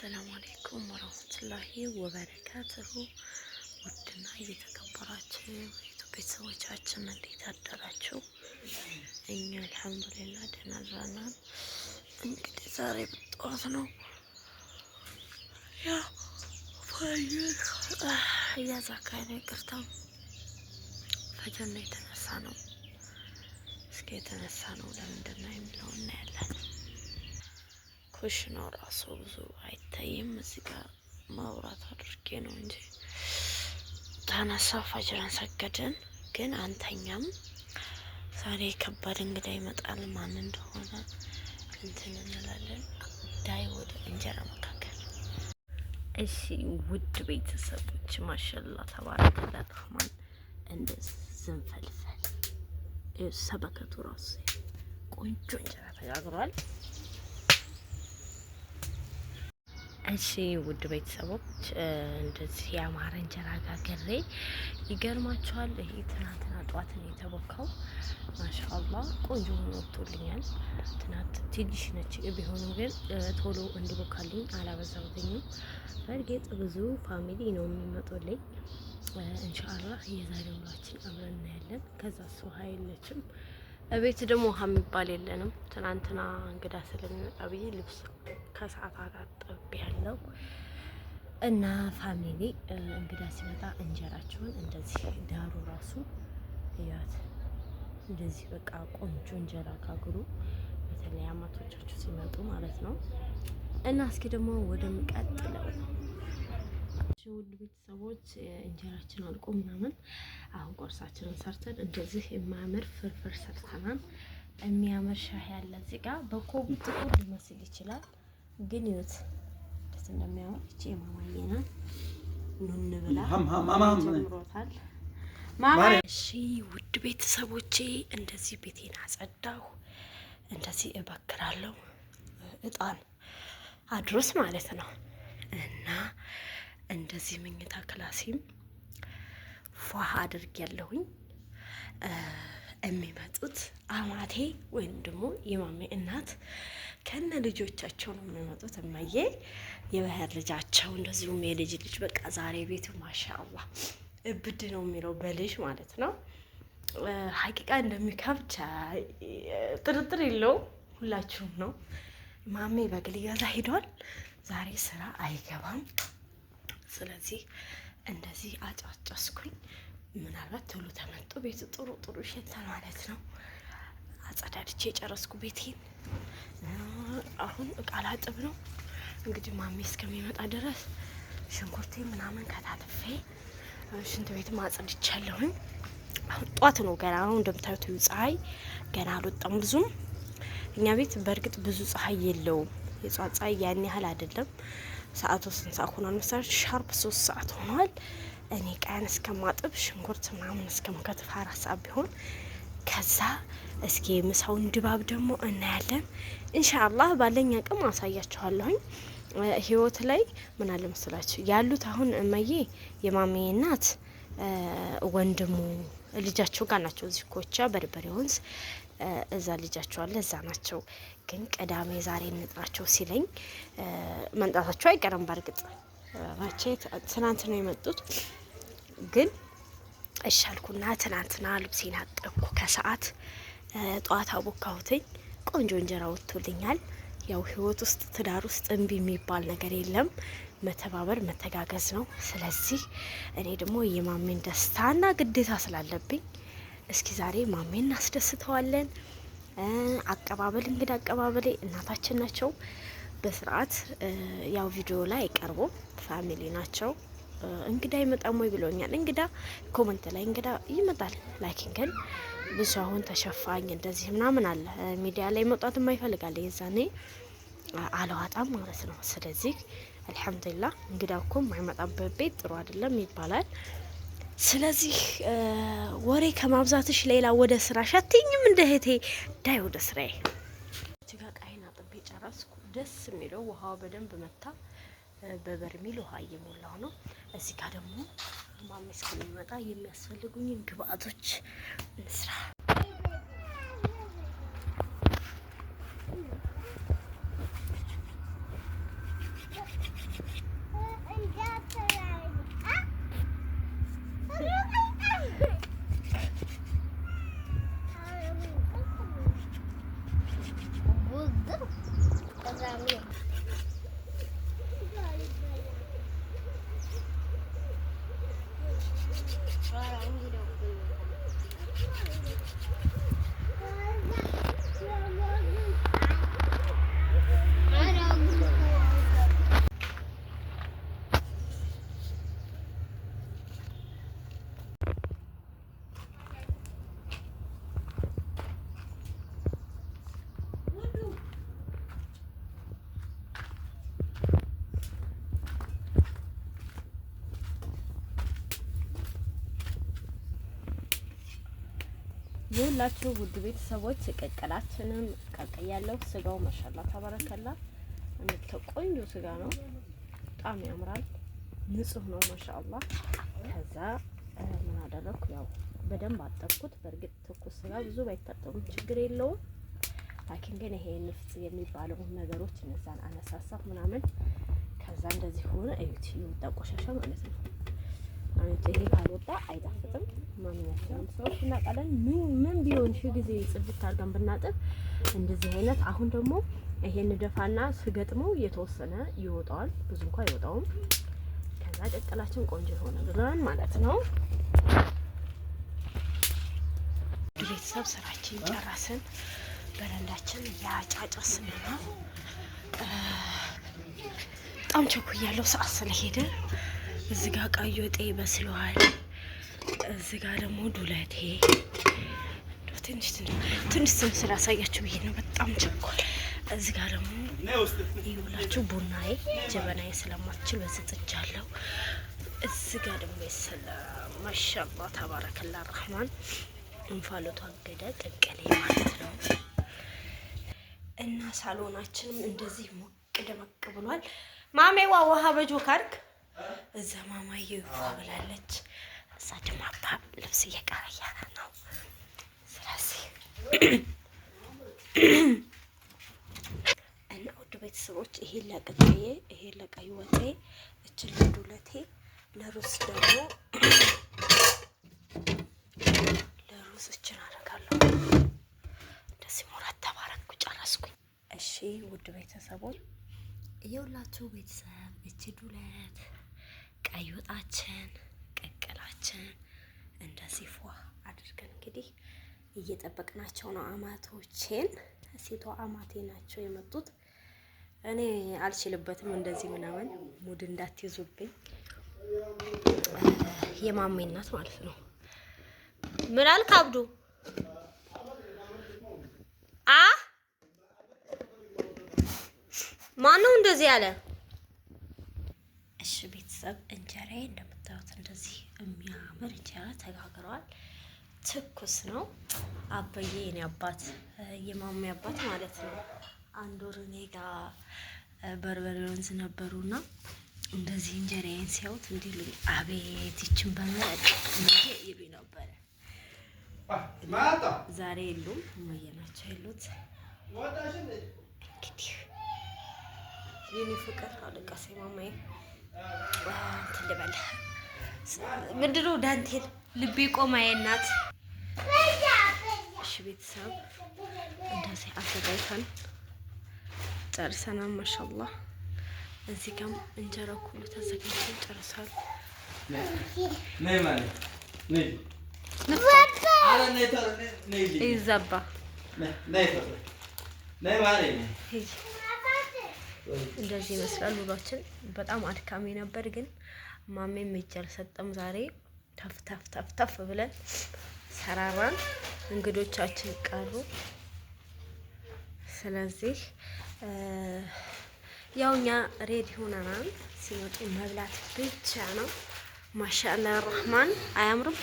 አሰላሙ አሌይኩም ወረህመቱላሂ ወበረካቱሁ። ውድና እየተከበራችሁ የቱ ቤተሰቦቻችን እንዴት አደራችሁ? እኛ አልሐምዱሊላ ደህና አድረናል። እንግዲህ ዛሬ ብጠዋት ነው ያ ፈጅር እያዛካይ ነው። ይቅርታ ፈጅር የተነሳ ነው። እስኪ የተነሳ ነው ለምንድን ነው የሚለው እናያለን። ኩሽ ነው ራሱ ብዙ አይታይም። እዚህ ጋር መብራት አድርጌ ነው እንጂ ታነሳ ፋጅራን ሰገደን፣ ግን አንተኛም። ዛሬ ከባድ እንግዳ ይመጣል። ማን እንደሆነ እንትን እንላለን። ዳይ ወደ እንጀራ መካከል እሺ፣ ውድ ቤተሰቦች ማሻላ ተባረከ። ረህማን እንደ ዝንፈልፈል ሰበከቱ ራሱ ቆንጆ እንጀራ ተጋግሯል። እሺ ውድ ቤተሰቦች እንደዚህ የአማረ እንጀራ ጋግሬ ይገርማችኋል። ይሄ ትናንትና ጠዋት ነው የተቦካው። ማሻአላ ቆንጆ ሆኖ ወጥቶልኛል። ትናንት ትንሽ ነች ቢሆንም ግን ቶሎ እንዲቦካልኝ አላበዛሁትኝም። በእርግጥ ብዙ ፋሚሊ ነው የሚመጡልኝ። እንሻአላ የዛሬ ውሏችን አብረን እናያለን። ከዛ እሱ የለችም እቤት ደግሞ ውሃ የሚባል የለንም። ትናንትና እንግዳ ስለሚመጣ ብዬ ልብስ ከሰዓት አራት ያለው እና ፋሚሊ እንግዳ ሲመጣ እንጀራቸውን እንደዚህ ዳሩ ራሱ እያት እንደዚህ በቃ ቆንጆ እንጀራ ካግሩ በተለይ አማቶቻችሁ ሲመጡ ማለት ነው። እና እስኪ ደግሞ ወደሚቀጥለው ውድ ቤተሰቦች እንጀራችን አልቆ ምናምን አሁን ቆርሳችንን ሰርተን እንደዚህ የማያምር ፍርፍር ሰርተናል። የሚያምር ሻህ ያለ እዚህ ጋ በኮቡ ጥቁር ሊመስል ይችላል፣ ግን ይዩት እንደሚያምር እቺ የማማዬ ናት። ኑን ብላ ጀምሮታል። እሺ ውድ ቤተሰቦቼ እንደዚህ ቤቴን አጸዳሁ። እንደዚህ እበክራለሁ እጣን አድሮስ ማለት ነው እና እንደዚህ መኝታ ክላሲም ፏ አድርግ የሚመጡት አማቴ ወይም ደግሞ የማሜ እናት ከነ ልጆቻቸው ነው የሚመጡት። እማዬ የባህር ልጃቸው እንደዚሁም የልጅ ልጅ በቃ ዛሬ ቤቱ ማሻአላ እብድ ነው የሚለው በልጅ ማለት ነው። ሀቂቃ እንደሚከብድ ጥርጥር የለው ሁላችሁም ነው ማሜ በግል ገዛ ሂዷል። ዛሬ ስራ አይገባም። ስለዚህ እንደዚህ አጫጫስኩኝ። ምናልባት ቶሎ ተመጡ ቤቱ ጥሩ ጥሩ ይሸታል ማለት ነው። አጸዳድቼ የጨረስኩ ቤቴን አሁን እቃ ላጥብ ነው እንግዲህ ማሜ እስከሚመጣ ድረስ ሽንኩርቴ ምናምን ከታትፌ ሽንት ቤት አጽድቻለሁኝ። አሁን ጧት ነው ገና ነው እንደምታዩት ፀሐይ ገና አልወጣም ብዙም። እኛ ቤት በእርግጥ ብዙ ፀሐይ የለውም። የጧት ፀሐይ ያን ያህል አይደለም። ሰዓቱ ስንት ሰዓት ሆኗል መሰለሽ? ሻርፕ ሶስት ሰዓት ሆኗል። እኔ ቀን እስከማጥብ ሽንኩርት ምናምን እስከምከትፍ አራት ሰዓት ቢሆን ከዛ እስኪ የምሳውን ድባብ ደግሞ እናያለን። እንሻአላህ ባለኝ አቅም አሳያችኋለሁኝ። ህይወት ላይ ምን አለ መሰላችሁ ያሉት አሁን እመዬ የማሜ እናት ወንድሙ ልጃቸው ጋር ናቸው። እዚህ ኮቻ በርበሬ ወንዝ እዛ ልጃቸው አለ፣ እዛ ናቸው። ግን ቅዳሜ ዛሬ እንጥራቸው ሲለኝ መምጣታቸው አይቀርም። በእርግጥ መቼ ትናንት ነው የመጡት ግን እሻልኩና ትናንትና ልብሴን አጠብኩ ከሰዓት ጠዋት አቦካሁትኝ። ቆንጆ እንጀራ ወጥቶልኛል። ያው ህይወት ውስጥ ትዳር ውስጥ እምቢ የሚባል ነገር የለም። መተባበር መተጋገዝ ነው። ስለዚህ እኔ ደግሞ የማሜን ደስታና ግዴታ ስላለብኝ እስኪ ዛሬ ማሜን እናስደስተዋለን። አቀባበል እንግዲህ አቀባበሌ እናታችን ናቸው። በስርዓት ያው ቪዲዮ ላይ አይቀርቡም፣ ፋሚሊ ናቸው። እንግዳ ይመጣም ወይ ብሎኛል እንግዳ ኮመንት ላይ እንግዳ ይመጣል፣ ላኪን ግን ብዙ አሁን ተሸፋኝ እንደዚህ ምናምን አለ። ሚዲያ ላይ መውጣት የማይፈልጋለ የዛኔ አለዋጣም ማለት ነው። ስለዚህ አልሐምዱሊላ እንግዳ እኮ የማይመጣበት ቤት ጥሩ አይደለም ይባላል። ስለዚህ ወሬ ከማብዛትሽ ሌላ ወደ ስራ ሸትኝም እንደ ህቴ ዳይ ወደ ስራዬ እጅጋ ጥቤ ጨረስኩ። ደስ የሚለው ውሃው በደንብ መታ። በበርሚል ውሃ እየሞላው ነው። እዚህ ጋር ደግሞ ማሜ እስከሚመጣ የሚያስፈልጉኝን ግብአቶች እንስራ። የሁላችሁ ውድ ቤተሰቦች ቅቅላችንን ቀቅያለሁ። ስጋው ማሻላ ተባረከላ እንደ ቆንጆ ስጋ ነው፣ በጣም ያምራል። ንጹህ ነው ማሻአላ። ከዛ ምን አደረኩ? ያው በደንብ አጠብኩት። በእርግጥ ትኩስ ስጋ ብዙ ባይታጠብም ችግር የለውም። ላኪን ግን ይሄ ንፍጽ የሚባለው ነገሮች እነዛን አነሳሳፍ ምናምን ከዛ እንደዚህ ሆነ። እዩት የሚወጣ ቆሻሻ ማለት ነው። ይሄ ካልወጣ አይጣፍጥም። ማንኛቸውም ሰዎች እናውቃለን። ምን ቢሆን ሺህ ጊዜ ጽድት አድርገን ብናጥብ እንደዚህ አይነት አሁን ደግሞ ይሄን ደፋና ስገጥመው የተወሰነ ይወጣዋል፣ ብዙ እንኳን አይወጣውም። ከዛ ቀቅላችን ቆንጆ የሆነ ብለን ማለት ነው። ቤተሰብ ስራችን ጨረስን። በረንዳችን ያጫጨስን ነው። በጣም ቸኩ ያለው ሰዓት ስለሄደ እዚህ ጋር ቀይ ወጤ በስለዋል። እዚህ ጋር ደግሞ ዱለቴ ትንሽ ትንሽ ትንሽ ስላሳያችሁ ብዬ ነው። በጣም ቸኳል። እዚህ ጋር ደግሞ ይውላችሁ ቡናዬ ጀበናዬ ስለማትችል በዚህ ጥጃለሁ። እዚህ ጋር ደግሞ ስለ ማሻላ ተባረከላ ረህማን እንፋሎቱ አገደ ቅቅሌ ማለት ነው እና ሳሎናችንም እንደዚህ ሞቅ ደመቅ ብሏል። ማሜዋ ውሃ በጆ ካርክ እዛ ማማዬ ውሃ ብላለች። እሳቸው አባ ልብስ እየቀያየረ ነው። ስለዚህ እና ውድ ቤተሰቦች ይሄ ለቅቄ ይሄ ለቀይ ወጤ እችን ለዱለቴ ለሩዝ ደግሞ ለሩስ እችን አደርጋለሁ። እንደዚህ ሙራት ተባረኩ ጨረስኩኝ። እሺ ውድ ቤተሰቦች እየውላችሁ ቤተሰብ እች ዱለት ቀይ ወጣችን ምግባችንን እንደዚህ ፏ አድርገን እንግዲህ እየጠበቅናቸው ነው። አማቶቼን ሴቷ አማቴ ናቸው የመጡት። እኔ አልችልበትም እንደዚህ ምናምን ሙድ እንዳትይዙብኝ። የማሜ እናት ማለት ነው። ምን አልክ አብዱ? አ ማን ነው እንደዚህ ያለ? እሺ ቤተሰብ እንጀራዬ የሚያምር ተጋግሯል። ትኩስ ነው። አበዬ የኔ አባት የማሜ አባት ማለት ነው። አንድ ወር እኔ ጋ በርበሬ ወንዝ ነበሩ ነበሩና እንደዚህ እንጀራዬን ሲያዩት እንዲሉ አቤት ይችን በመረጥ ይሉ ነበረ። ዛሬ የሉም፣ እማዬ ናቸው ያሉት። እንግዲህ የኔ ፍቅር አለቃሴ ማማዬ ትልበለ ምንድነው ዳንቴል ልቤ ቆማዬ ናት። እሺ ቤተሰብ እንደዚህ አዘጋጅተን ጨርሰናል። ማሻአላህ እዚህ ጋም እንጀራ ሁሉ ተዘጋጅተን ጨርሷል። ይዛባ እንደዚህ ይመስላል ውሏችን። በጣም አድካሚ ነበር ግን ማሜ እጅ አልሰጠም። ዛሬ ተፍ ተፍ ተፍ ተፍ ብለን ሰራራን። እንግዶቻችን ቀሩ። ስለዚህ ያው እኛ ሬድ ሆነናል። ሲመጡ መብላት ብቻ ነው። ማሻአላ ረህማን አያምርም?